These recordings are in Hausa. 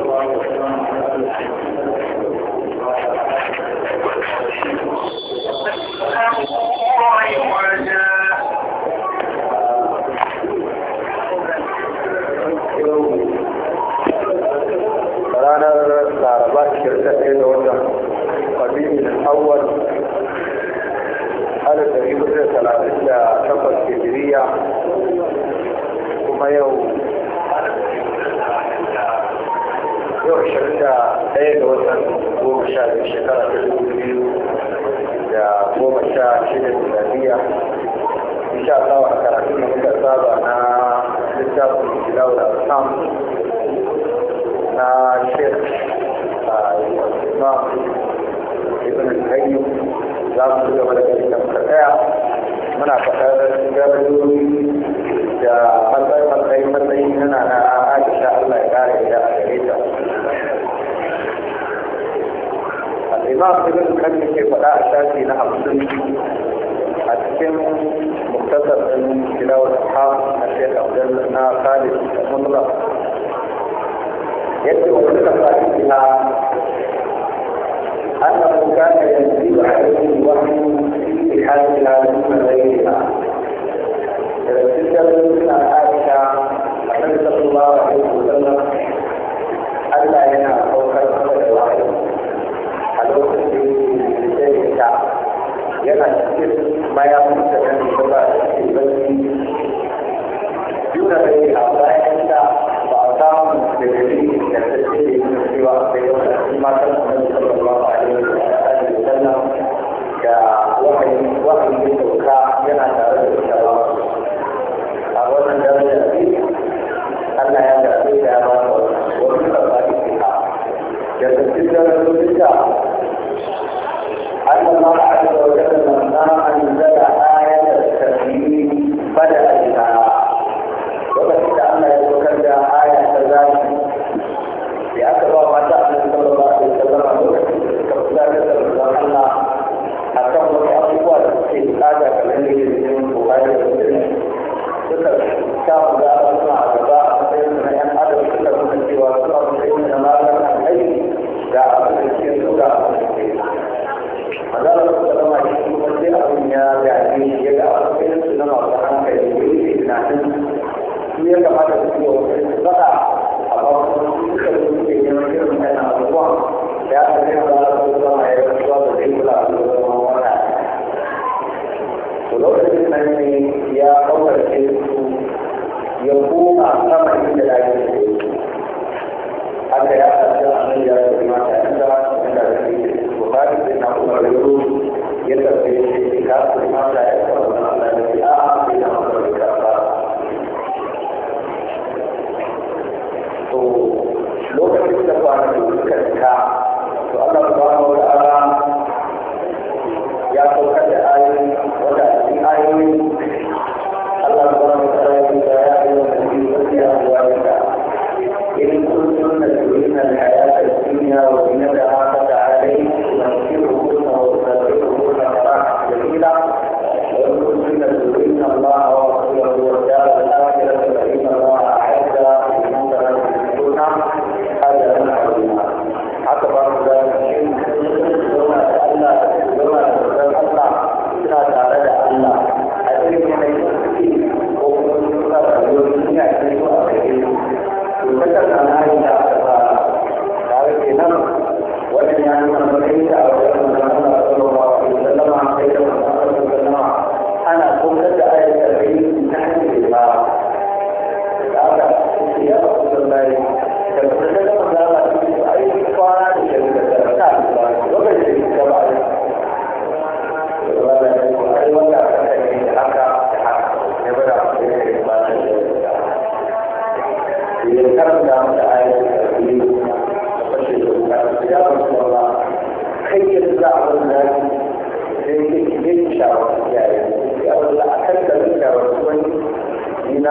الله وسلم على Gracias.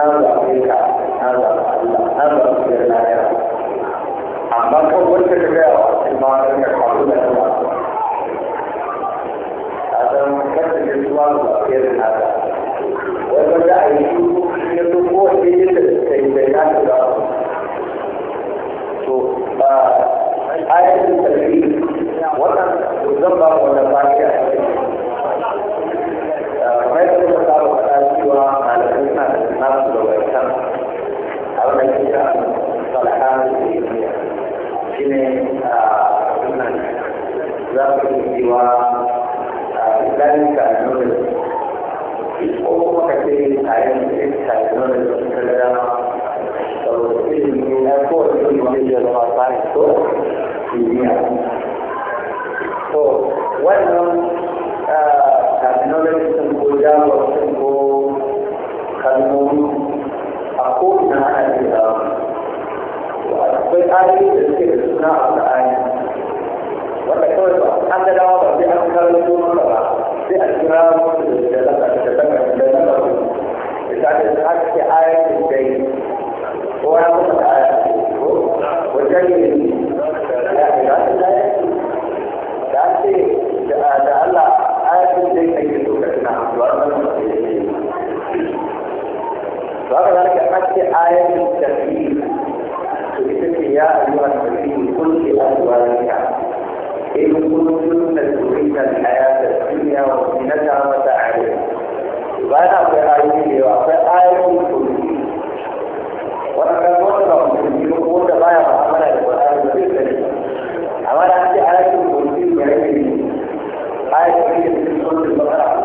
هذا Gracias. que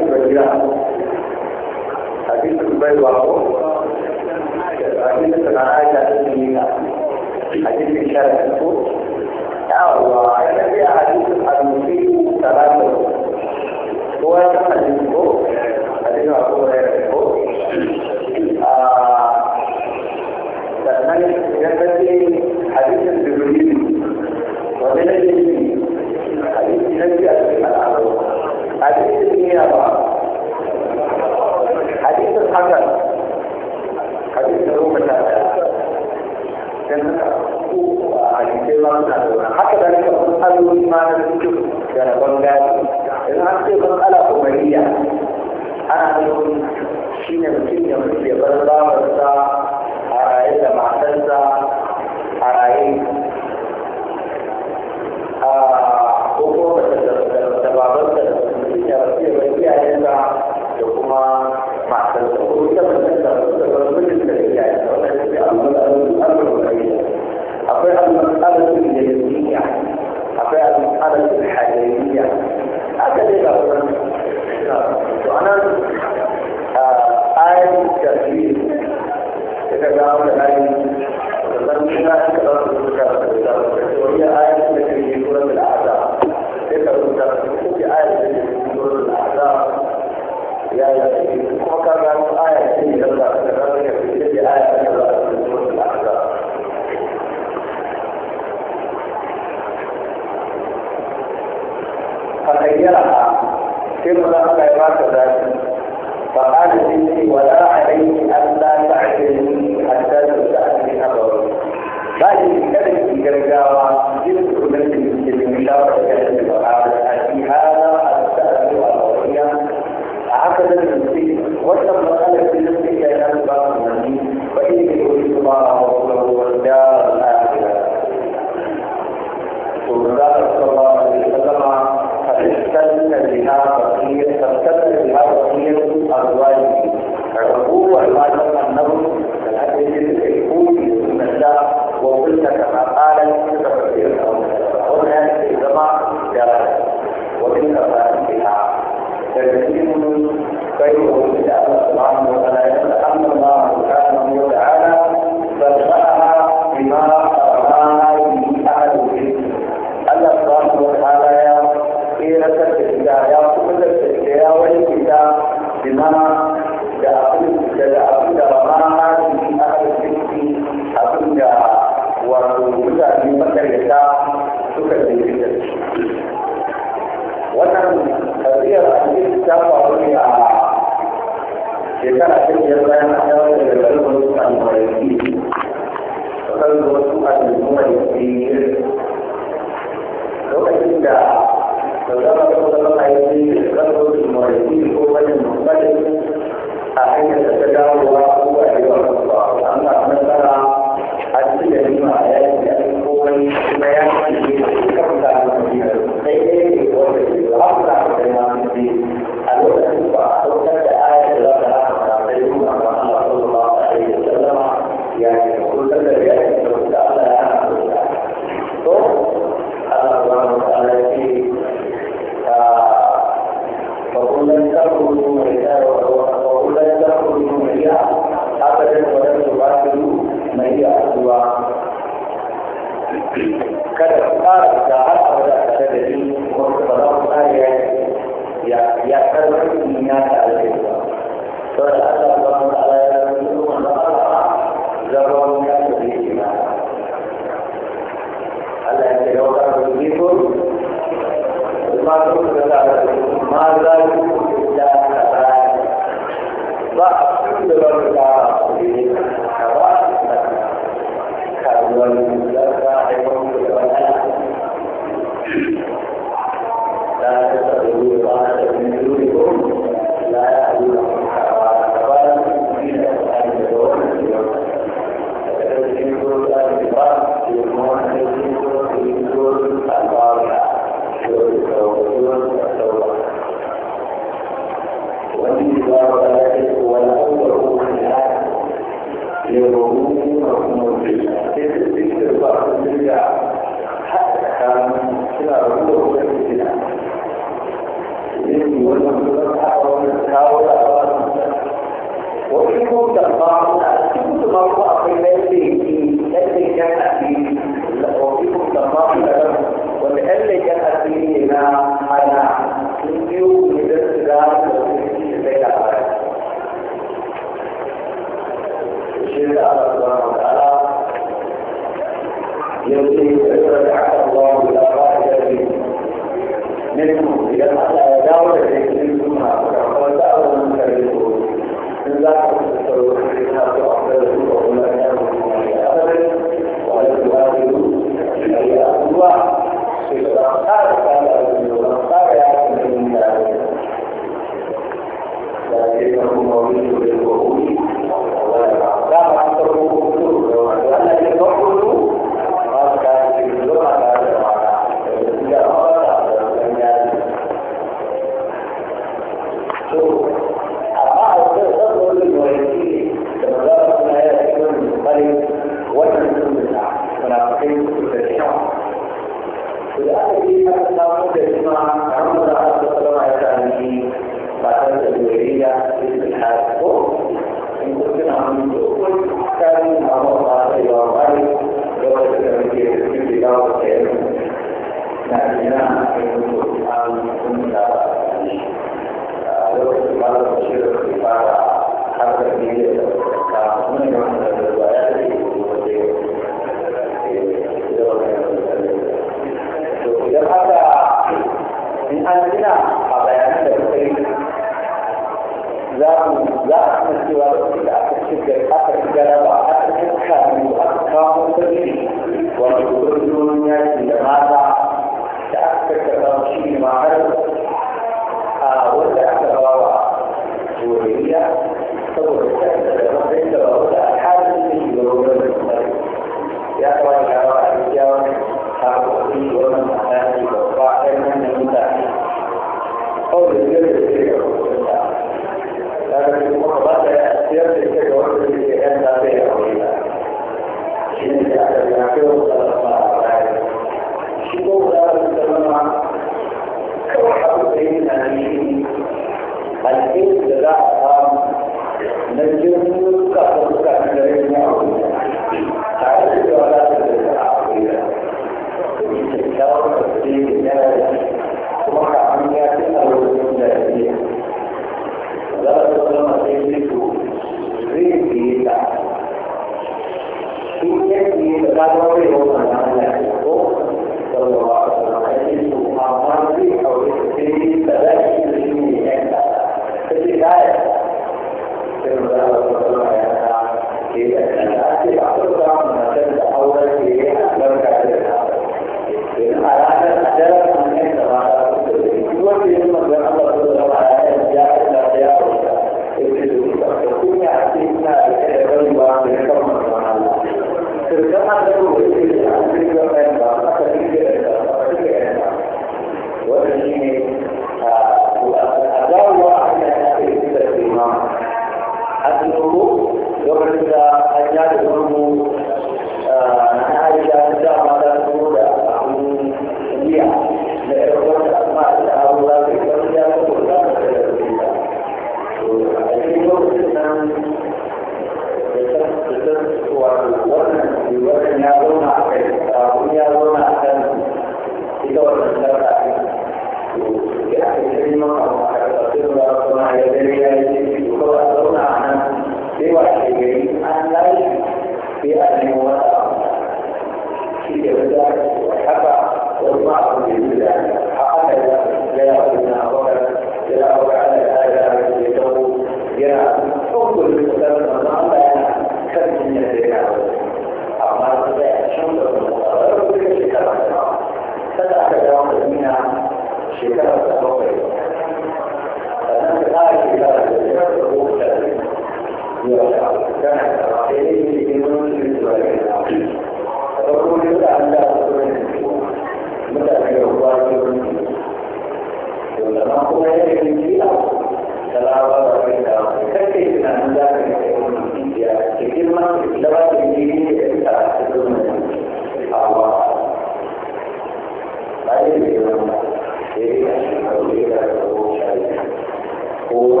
ko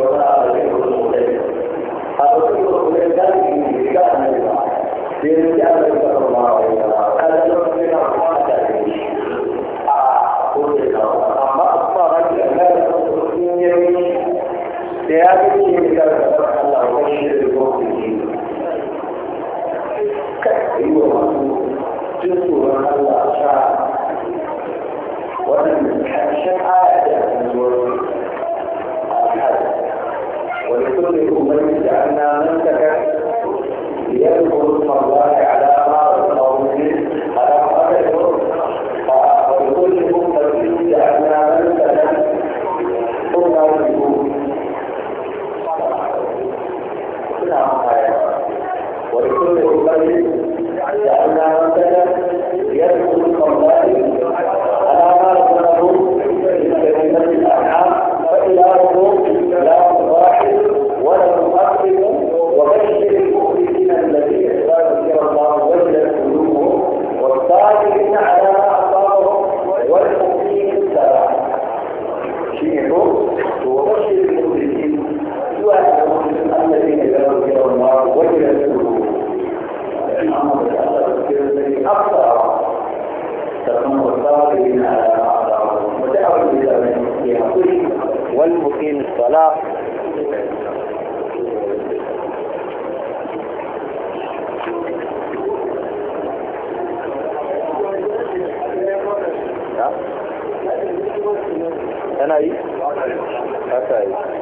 sai yana yi? ba yi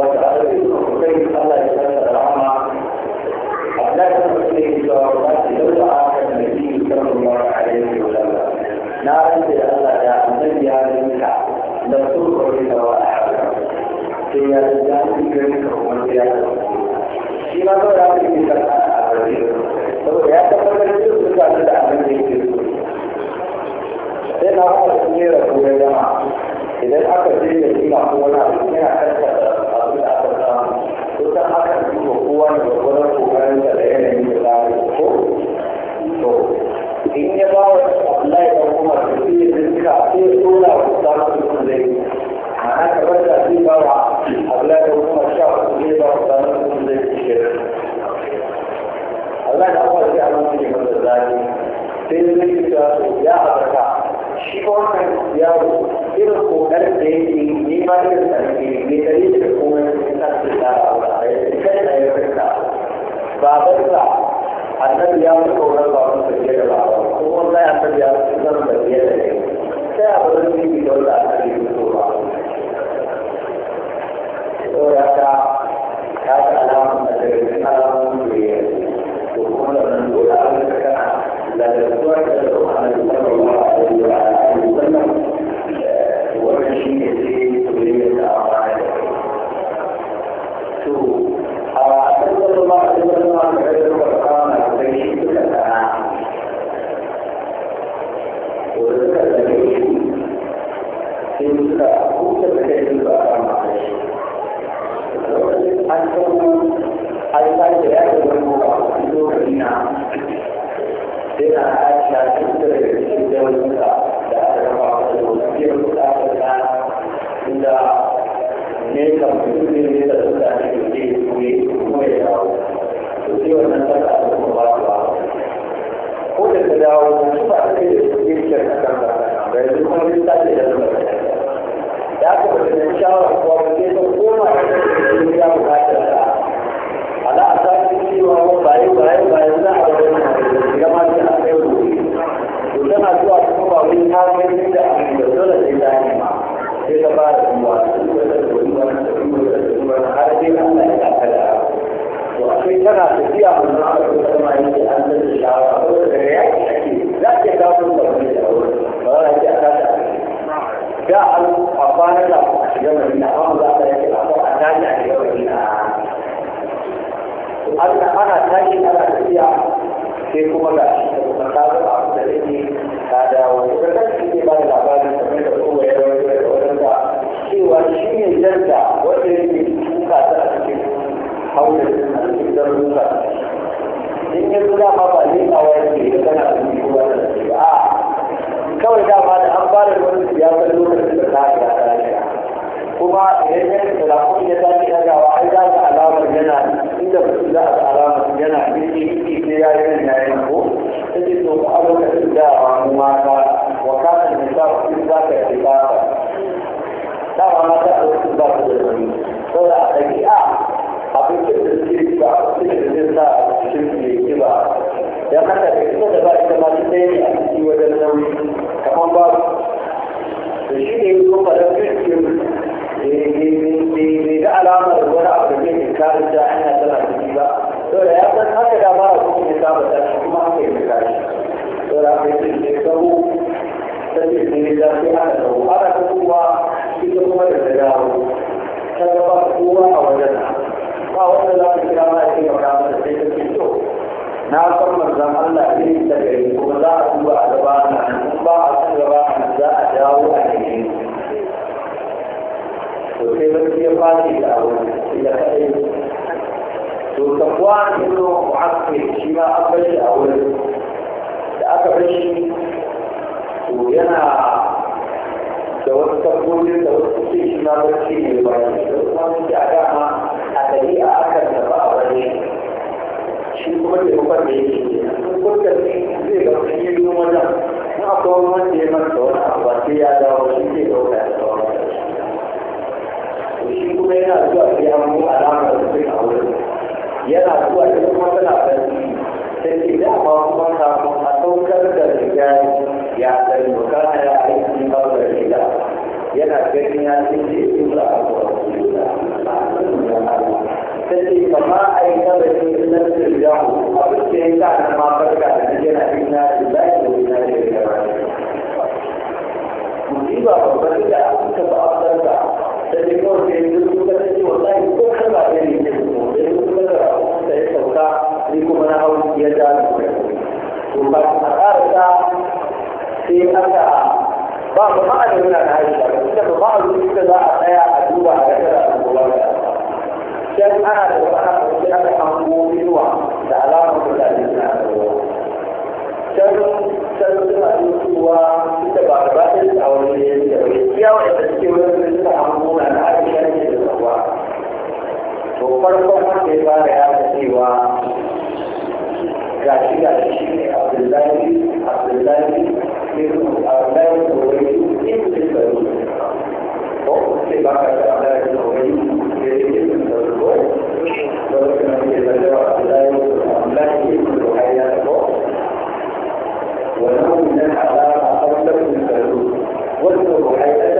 وتعالى الحسين الله يسلمك الرحمة أبناء المسلمين وأولاد الدولة النبي صلى الله عليه وسلم نعرف الله يا أمين يا أمين نسوق بك وأحبك في الجنة كريمك ومسيحك فيما ترى في كتاب saboda ya tabbatar da duk mutane da abin da yake so sai na fara tsira ko da jama'a idan aka je da kima ko wani كان بيتي دي ما تستطيع بطريقة الحكومة تستطيع كان يفكر بابرسا أنت يا مكورة بابرسا يا بابرسا والله أنت يا مكورة بابرسا يا بابرسا kemudian terus istimewa bersih di luar itu, agama ada dia akan dapat apa ini. Cukup aja bukan ini, cukup jadi dia kalau ini di rumah jam, apa orang dia mentor, apa dia ada orang sih dia orang mentor. Cukup mana juga dia mau ada orang sih kau ini. Dia nak buat itu macam apa? Sesudah mau mengatakan atau kerja kerja yang dari bukan ada ini kalau berbeda. yana gani ya ce ce su da ta ce ba ma a yi kada ce na sirriya mu abin da ya sa na ma barka da ni yana yi na da za ki yi na da ya musiba babbar da suka ba abdarka ta ce kawai da yanzu suka ta ce wallahi ko kan ba da ne ne mu da yanzu suka da ta ya sauka ni kuma na hau ya da ni ko ba a ƙara ta sai aka ba ba ba da nuna na haisha ba inda ba ba a zuci da za a tsaya a duba a gaba da kuma da sai ana da wani abu da aka hango inuwa da alamar da ta yi na ruwa sai sai suna dukuwa inda ba ba ta yi a wani ne da ya iya wanda suke wani da suka hango na na haisha ne da ruwa to farkon wanda ya fara ya cewa ga shi ga shi ne abdullahi abdullahi يجب أولا يجب إذن الفريق وفي بعض الأعلى يجب يجب الفريق ولكن في المجال لا يجب أولا يجب الحياة ولو من الحلال أفضل من الفريق والفريق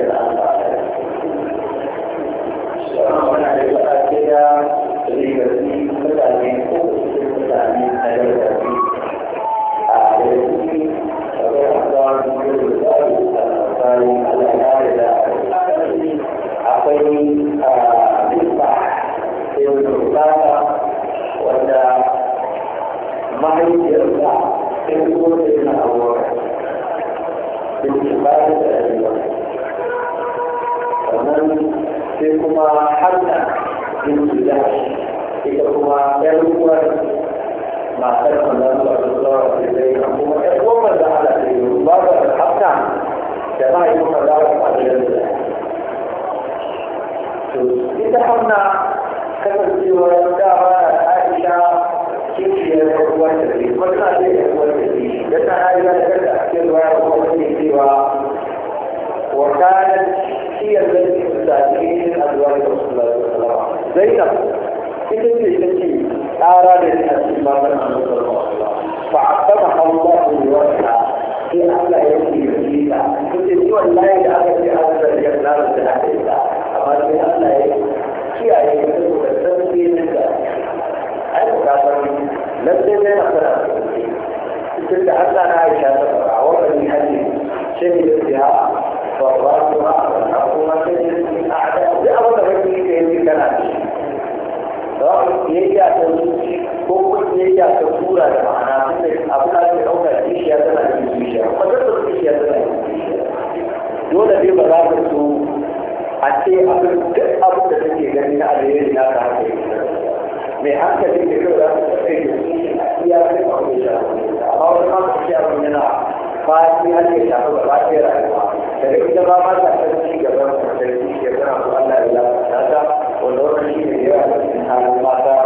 ya, dengan mata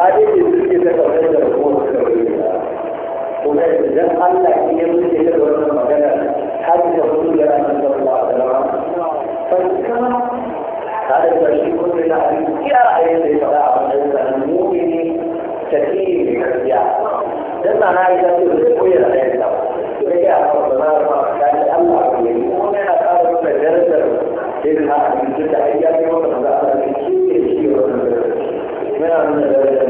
amma dai da suke ta kawai da kuma suka bari da kuma idan Allah ya yi ta da wannan magana har da hudu da ranar da Allah a zama fasika ta da ƙarshe kuma na iya ra'ayin da ya faɗa a matsayin sanar mumini tafiye mai gaskiya dan na na yi ta ce zai koya ra'ayin ta ba ya a kawo da na ta ce Allah ku yi kuma yana ƙara nuna darajar da na abinci da ayyana yi wata da Allah ke kiyaye shi wannan darajar yana nuna darajar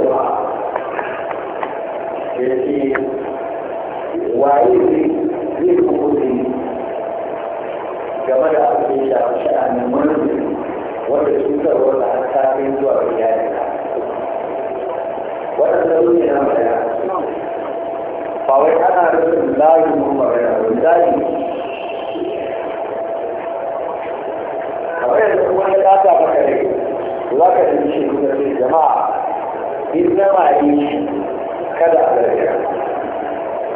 waye ne zai kuɗi game da abin da shafi sha'anin mulki wanda cutarwar da har kafin zuwa ga iyali waɗanda su ne na magana ba wai ana rufin layin mun magana ba layin kamar yadda kuma ya kasa maka ne za ka ji shi kuma ce jama'a in zama yi kada a zarga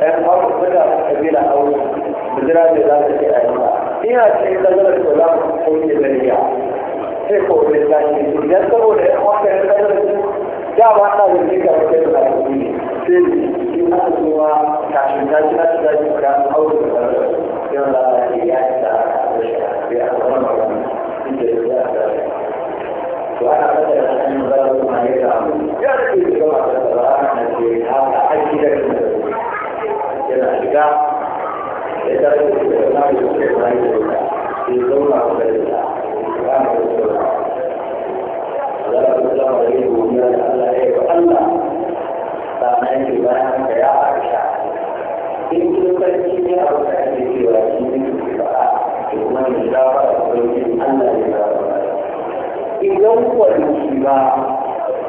ɗan hau suna kabila hau bujira da za ta ce a yi ba ina cikin nazarar ko za mu kauce zariya sai ko wani tashi idan saboda ya kwanta ya nazarar su dama ana da shi ga wata da zafi ne sai shi aka zuwa tashin tashi na shi tashi ka hau da zarar yau da ya yi da ya zama magana inda ya yi da وأنا مثلا أن نظرت ما يدعم يأتي بسرعة القرآن التي هذا أجل من ذلك يدخل ما يدخل عليه في ثم عليه كما يقول لا تسلم عليه من الله وألا فمن بيان يا عائشة إن كنت تجد أو تأتي ولكن ثم يجاب ويجب أن لا يجاب إذا هو الاتباع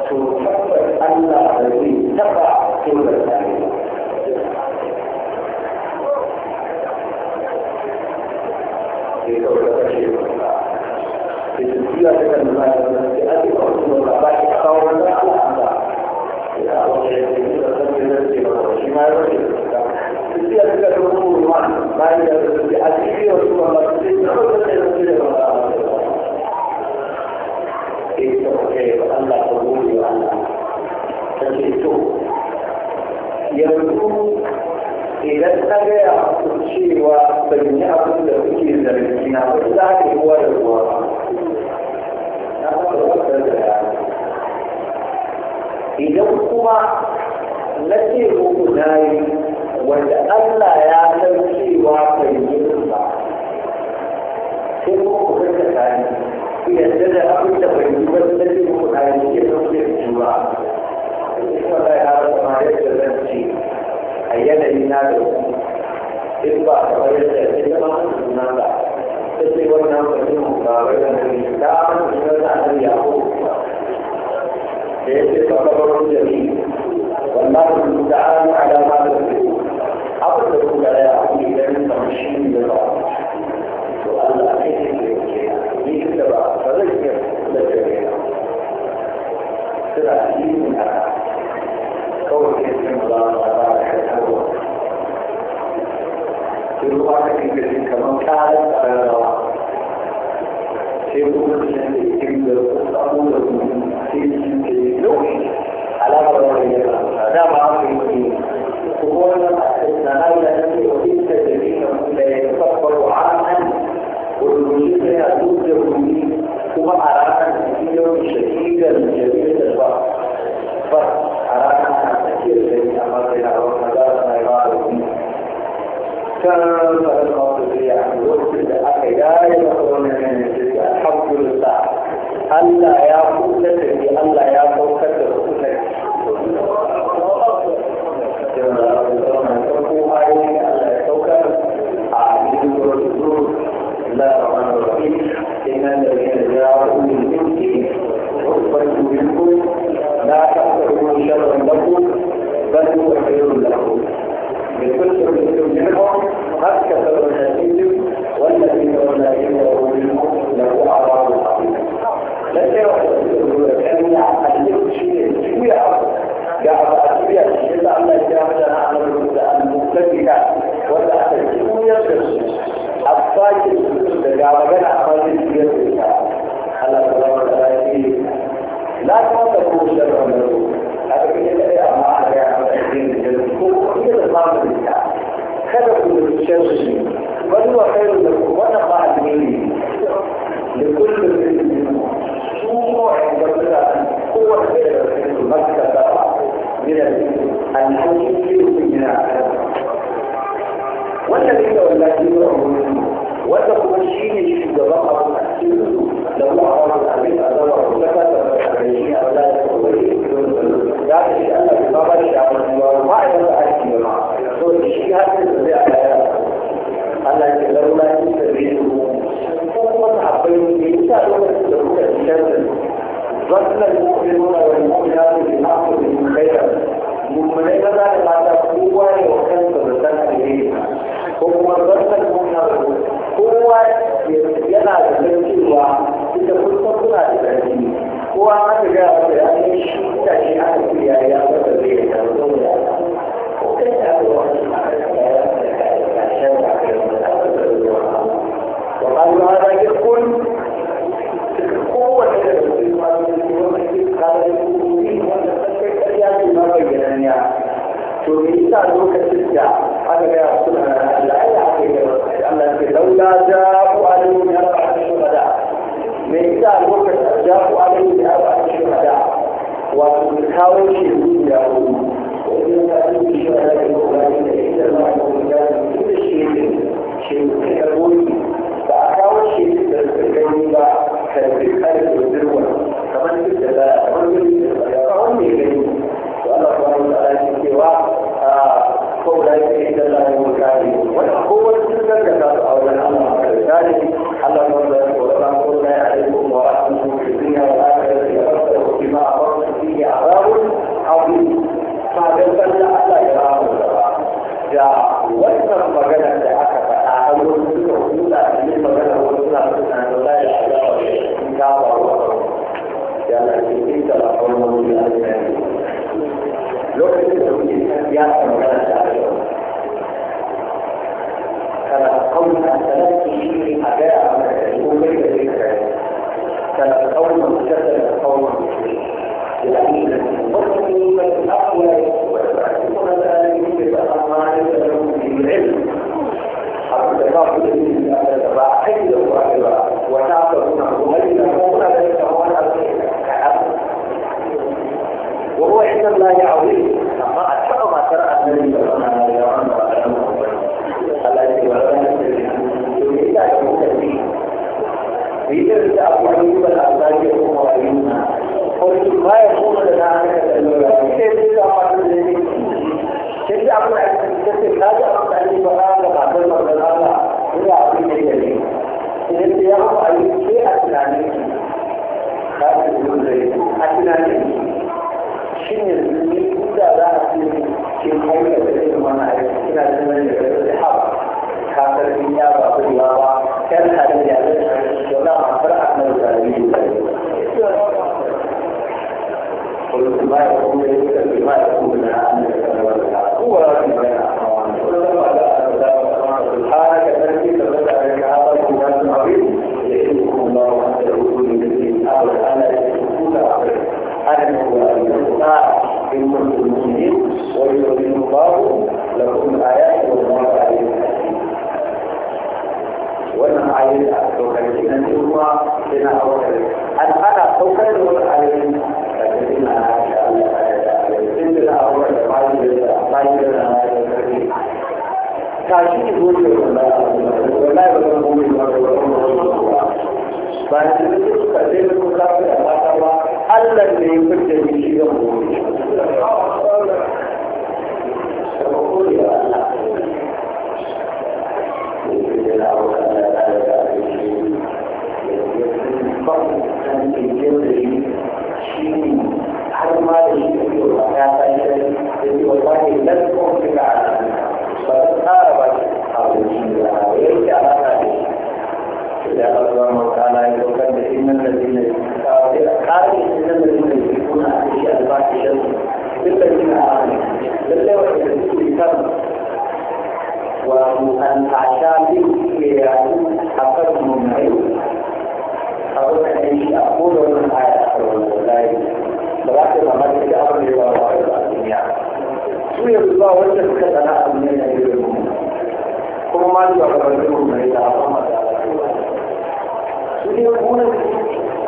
تفكر أن الذي تقع كل في دولة الشيخ في سلسلة المنازل التي أتي أرسل الأباك أخوة على أمدار إلى أرسل التي أرسل ما يرسل سلسلة الأمور ما يرسل التي أتي رسول الله سلسلة التي أرسل كيف كيف أن قبولي وأن تجدته يبدو idan na gaya ku cewa ban yi abin da kuke zargi na ba za ka yi ruwa da ruwa na haka wata da rana idan kuma na ce muku na yi wanda Allah ya san cewa bai yi ba sai kuma ku kanta tare ku yarda da abin da bai yi ba na ce muku na yi ke san ke ba. Ina da ya zama yadda zan ce a na da in ba a kawai na da ta ce wannan mutum ba wai da ta mutum da ta ya ko da ya ce ba kawai da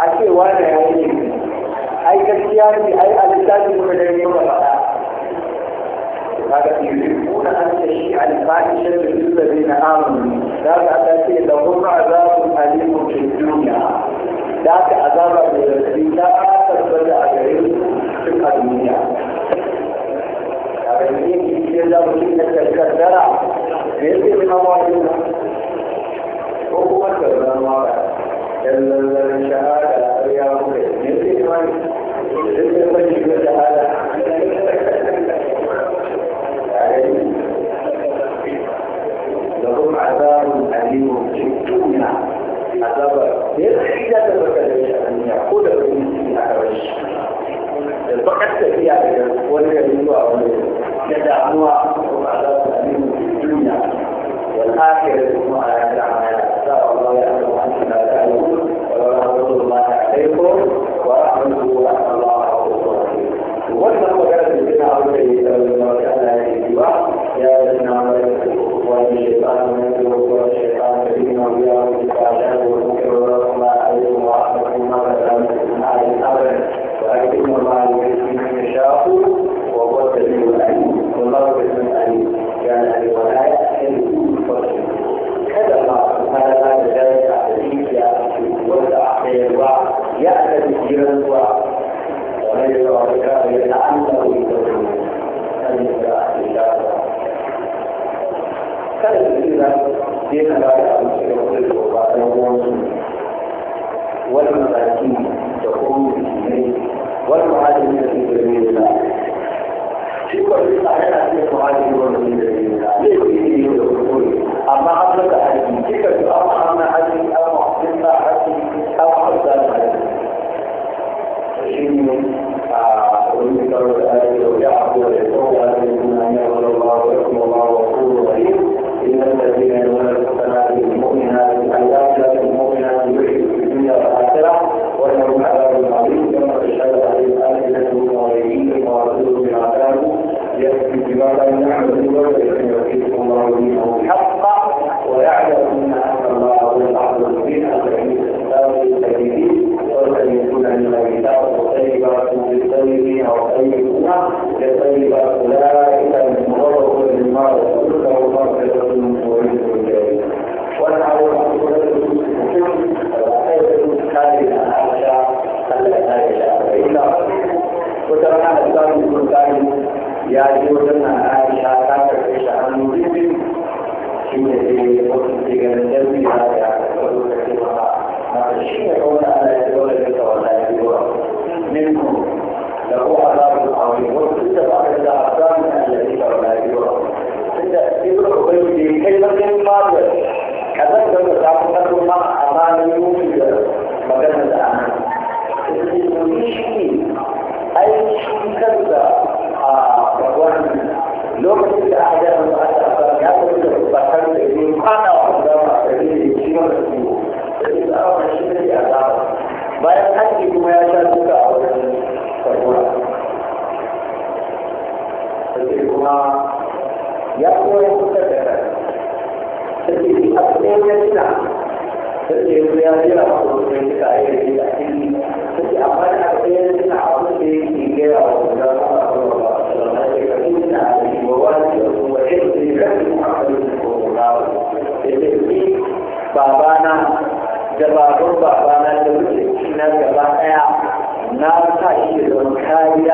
a cewa da yanayi aikaciya ne a yi alisa ne kuma da yanayi ba ba هذا يحبون أن تشيع الفاحشة في الذين آمنوا ذاك أتاتي لهم عذاب أليم في الدنيا ذاك عذاب الذي لا تبدأ عليه في الدنيا الذين يجدون أن تكدر بيد المواعيد وهو كذا المواعيد إلا الشهادة يا رب يد المواعيد إذا ما جبت هذا يرحي لا تبكى أن يعقود بإنسي أحرش البقى السبيع والرجوع والرجوع لدعموا وعلى الدنيا والآخرة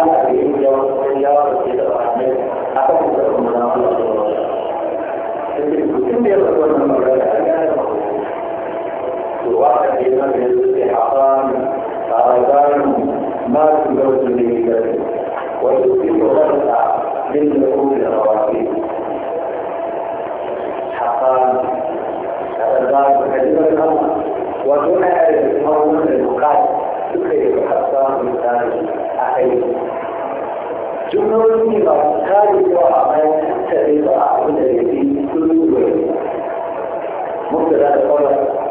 Allah bai yi yawon sai yawon da ke da wani a kan da zai kuma zama da wani. Mutum da ya zama wannan magana a gane ba. To wata ne na da yanzu sai haɓan, tsarazan, masu gautu ne da ne. Wato sai ko wanda din da kuma da rawafi. Haɓan, tsarazan, kalimar kama. Wato na yare da kuma wani da bukatu suka yi haɓan mutane a kai. جمهوري ما كان يقع بين تبقى من الذي كله ممكن هذا قول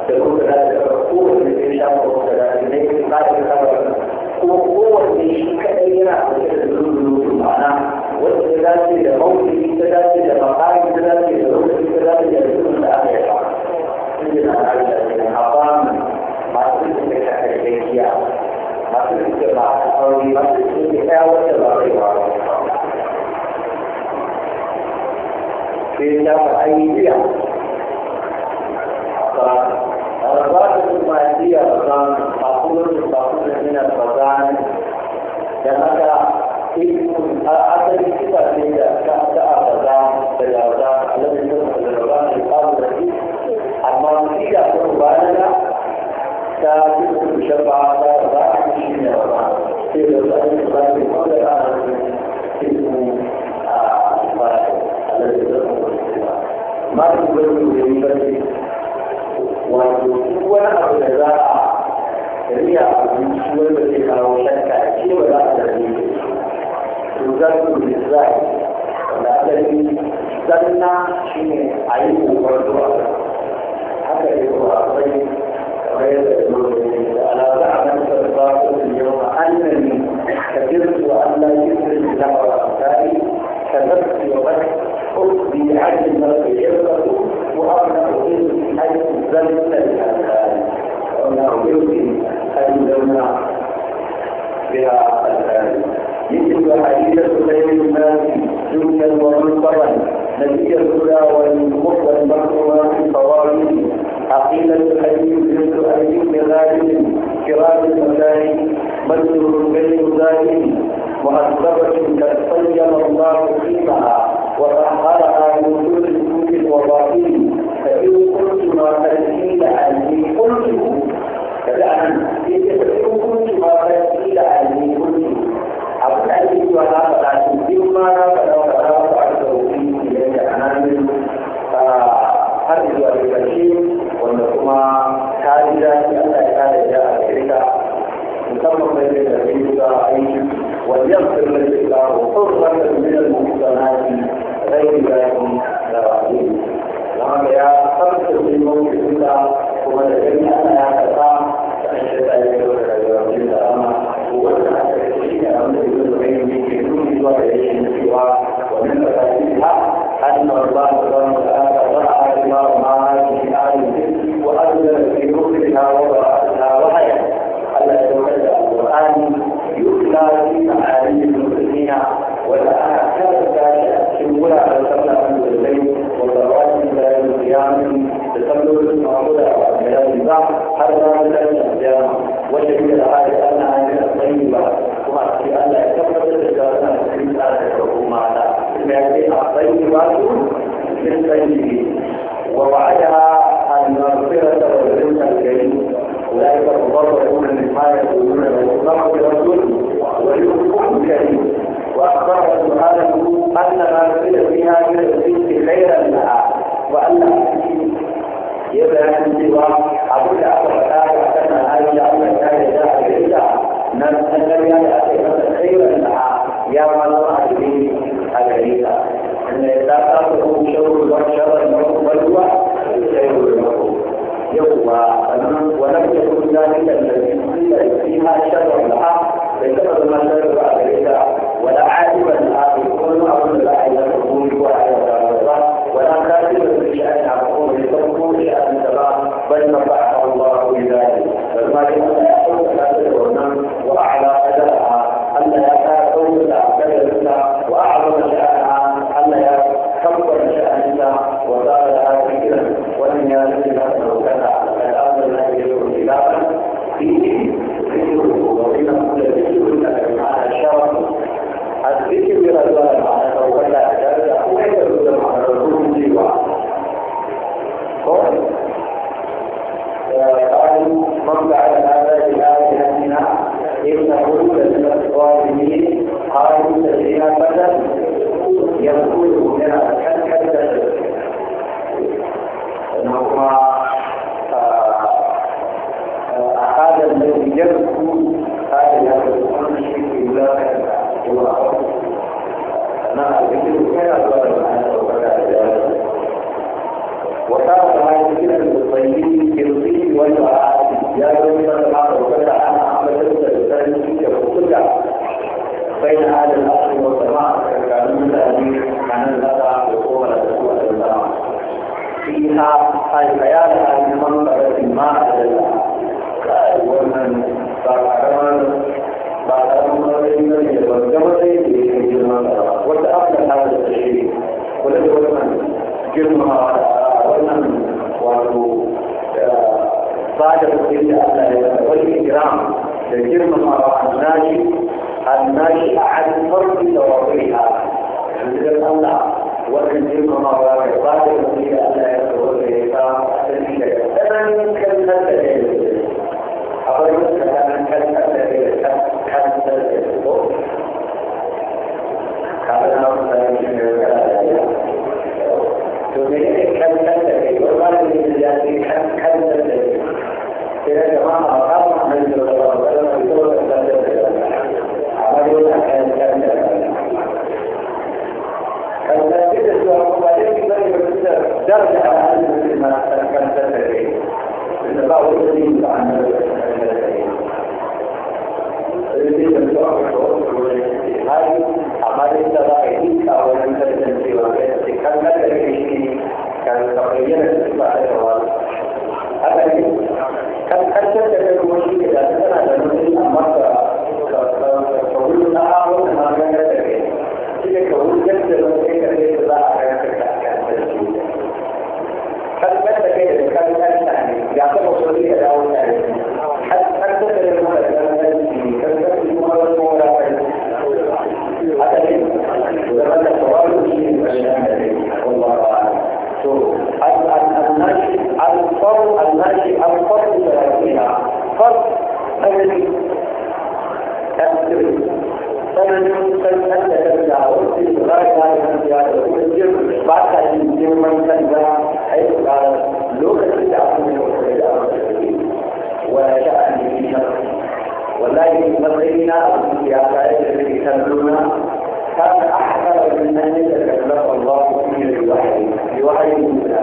تكون هذا قوة الإنسان وقوة الإنسان بعد الخبر وقوة الإنسان كأينا وتدل المعنى والثلاثة لموته ثلاثة بيتابع أي بيع فالرباط المادية أيضا معقول معقول من الفضان لأنك اسم أصل صفة هي كأس الفضان بالأوزان الذي تدخل الرباط الأرضي أما في قرباننا تأتي المشبعة الرباط في الرباط في الرباط ba su da su da yi barci wato duk wani abu da za a riya abinci wanda zai kawo shakka ce ba za a zarge to za su da za a wanda asali zanna shi ne a yi kokon zuwa haka ne ba a bai kamar yadda ya zo da ne da alaƙa a nan sarfa ko da yau a annani ka jirgin wa Allah ya sirri da ba a tsari كذبت يومك قلت بعدل المرء يرضى وأغنى أجيب من حيث ذلك الأذان وأنا أجيب أن لنا بها الآن مثل حديث سليم الناس جملا ومنصرا نبي الهدى والمخ والمخ في طوائف عقيلة الحديث بنت أبي بن كرام المسائل مسجد بن غالب وأسبابة قد صين الله قيمها وسخرها بوجود الوجود الوظائف فإن كنت ما تزيد عني قلت فلأن إن كنت ما تزيد عني قلت أقول أني وهذا لكن مما فلو فلو فأكثر فيه إلي أنامل har zuwa da ƙarshe wanda kuma ta ji daɗi Allah ya kare da a musamman mai وليغفر للإسلام حرة من المحسنات غير ذلك العظيم وأنا نعم يا خمس في موت الله وما لدينا أنا أتقى فأشهد أن لا إله إلا الله وأنا أن ومن مفاتيحها أن الله سبحانه بالطيب ووعدها المغفرة والرزق الكريم أولئك تضرعون من حال يقولون له صدق الرسول ويؤمن وأخبر سبحانه أن ما نزل فيها من الرزق خيرا لها وأن يبقى سوى أبو جعفر قال أن هذه أمر كان يدعى إليها من أن لم يدع خيرا لها يا من الله والشر المكروه بل هو خير المكروه يقوى ولم يكن ذلك الذي قيل فيها لها ليس ما شر عليها ولا عاتبا لها يكون اظن لا عين الحكومه ولا عين ولا كاتبا بشان عقوم لتركوا شان تراه بل نفعها الله بذلك فما كان يحصل واعلى ادائها ان لها اوسع بدلها واعظم شان وقال لها ذكرا ولم يرد نفسه كذا بل امر لا يجوز خلافا فيه ذكر وقيل كل ذكر لك معنى الشرف الذكر برضوان معنى توكلا كذا وكيف يرد معنى الرسول جيوا قالوا من بعد هذا بآلهتنا إنه لمن الظالمين قالوا سجينا فتى يقول لنا بين اهل الاصل والجماعه كانوا تأديب عن الغداء وقوة الاسبوع الجماعة فيها البيان عن منطقة ما أدل ومن بعد بعدما بعدما وتأمل هذا التشريع ولد ومن جمع ومن وعنده آه، بعد التشريع أن الإجرام لجرم ما الناجي الناشئة عن فرق دوابيها عندنا الله وتنزيل مرة بعد المسيح ألا يدخل إليها أنا فمن كان تدريب أقول لك أن كان تدريب كان تدريب كان تدريب كان تدريب وقال لي الذي كان تدريب درجة على هذه ما كانت تتبعي إن بعض الدين عن هذه أعمال التبعي أو أن تتنسي وكذلك كان تتبعي كان أي مدينة في عقائد يتكلمون كان أحسن من أن يتكلم الله فيه بوحي بوحي موسى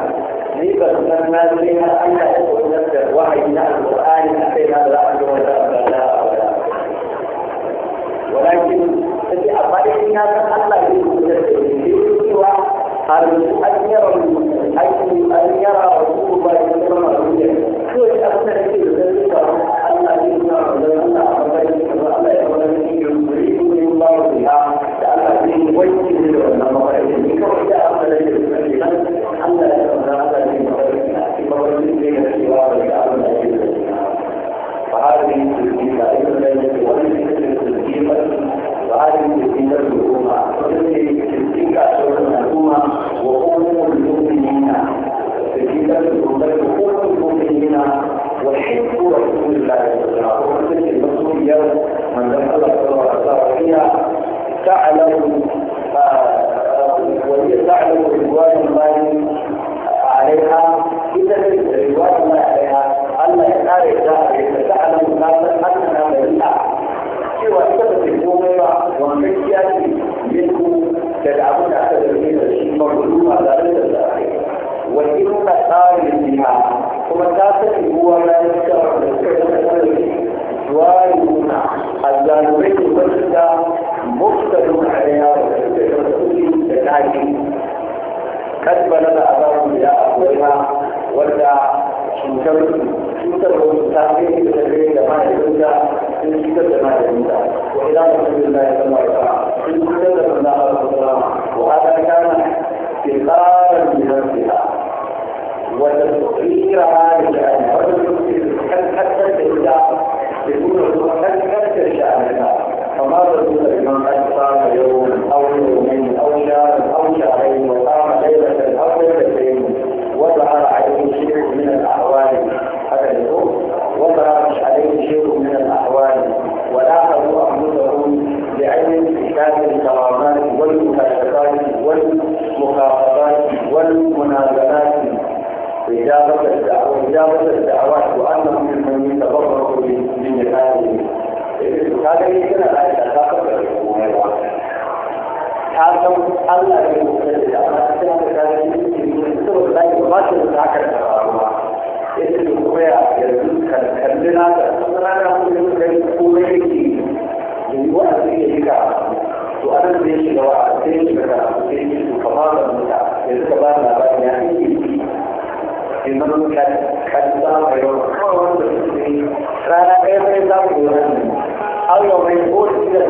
ليه بسمى فيها أن أتذكر وحي من القرآن حتى هذا الأحد ولكن بلاء ولا ولكن في أطريقنا فأنا يتذكر به أن أن يرى أن يرى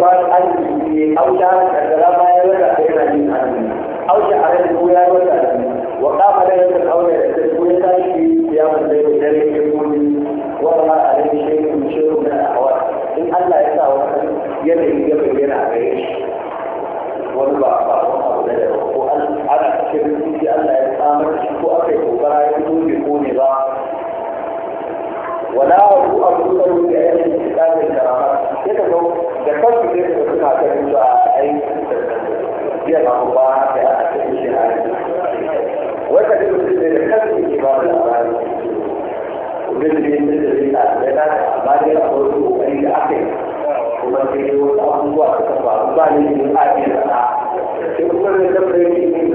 ba da arziki ne auta kaddara ma ya wata da yana jin azumi auta a rai ko ya wata da wa kama da yadda aure da ta ko ya tashi ya mun da yadda dare ya gudu wa ma a rai shi kun shiru na ahwal in Allah ya sa wata yanayi ya bayyana a gare shi wani ba ba abu da da ko ana cikin rubuci Allah ya samar shi ko aka yi kokara ya fito bai kone ba ولا وضوء بدون بأهل الكتاب الكرام kan su ne da suna ganin su a aiki jiya na kuma da a cikin shi a wata da su ne da kan su ke ba da labari ubangiji da zai na da ba amma dai a wani kokari da aka yi kuma sai dai wasu abubuwa suka faru ba ne ne a yi da na sai kuma da ta fahimci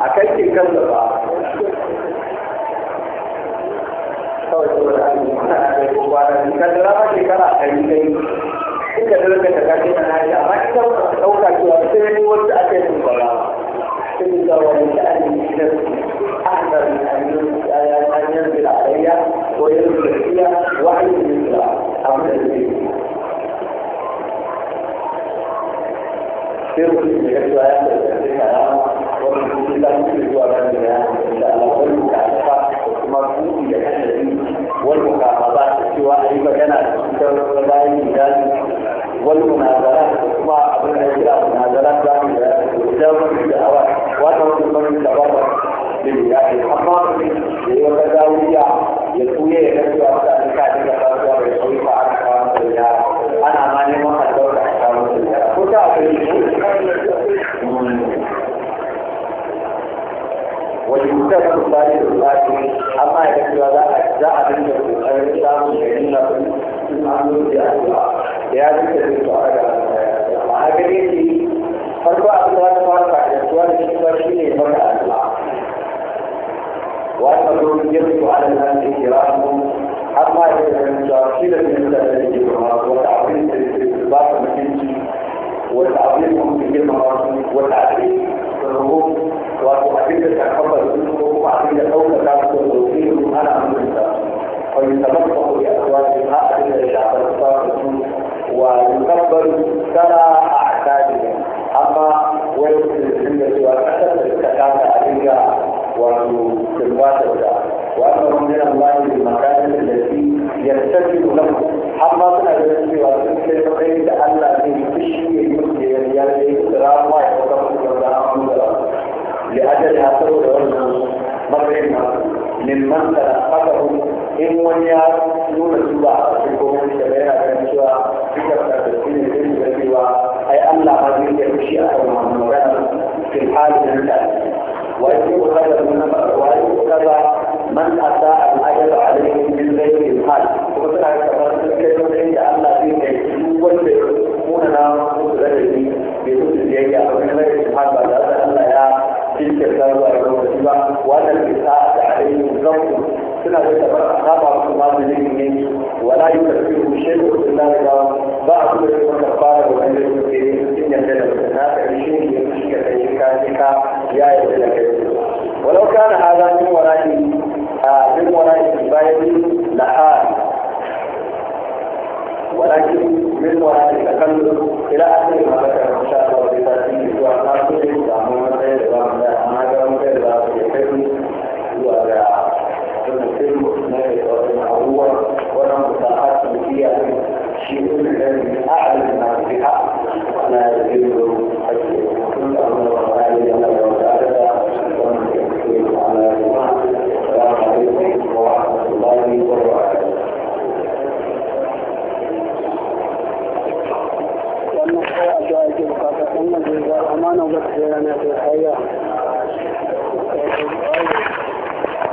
a kan ke kan da ba kawai saboda an yi kuma da ake kowa da ka daga da kake na hali amma ita ba ta dauka cewa sai ne wanda aka yi bara sai da wani da an yi shi أحسن أن أن ينزل علي وينزل في وحي مثل أمر الدين. Firman yang saya sampaikan ومن الله يجب أمامنا إلا الأول كعفة مرفوض لأجل والمكافضات سواء أي مكان تنظر إلى والمناظرات وابن الاسلام مناظرات ذلك زوج الشهوات في من الشهوات لله الحمار ليتداويا يكوي يكتب على ذلك الفرق ويحيط عن حرام الله انا ماني ما قدرت حرام الله كنت والمكتب الثالث الثاني أما إذا كان ذا أجزاء من الإنسان فإنه يعلم ya ji da su a ga amma a gare shi farko a da ta fara fa'idantuwa da shi ba shi ne maka Allah wa ta zo yin su ala nan da kira su amma ya zama da shi da su da da ke kuma wata abin da ke ba ta mutunci wata abin da ke girma su wata abin da rubu wato abin da ta kafa su ko kuma abin da ɗaukaka su da su ana mutunta fa yi tabbata ko ya zuwa da haka da shafa ويكبر ترى أحسابهم أما ويسلسلة وأكثر التكاثة عليها وتلواتها وأنهم من الله المكان التي يرتجل له أما من الذي وسلسلة فقيد أن لا تشفي يمكن يعني إضرار ما يحكم لأجل هاتفه لأنه مبرمة ممن تلقته إن ونيا نور الله في الكومنت أي أن لا قد أكثر من المغرب في الحال الإنسان ويجب خير من من أساء الأجر عليه من غير الحال وقد أكثر كلمة عند أن لا فيه والبر هنا غيره بكل جيجة ومن غير الحال بعد أن لا تلك الثروة الروسية وأن الإساءة عليه ذنب سنة تبرأ خطأ في الماضي ولا يكفيه شيء إلا إذا ولو كان هذا من وراء آه، من وراء البايد لحال ولكن من وراء التكلم إلى آخر ما ذكر إن شاء الله بذاته وأنا كل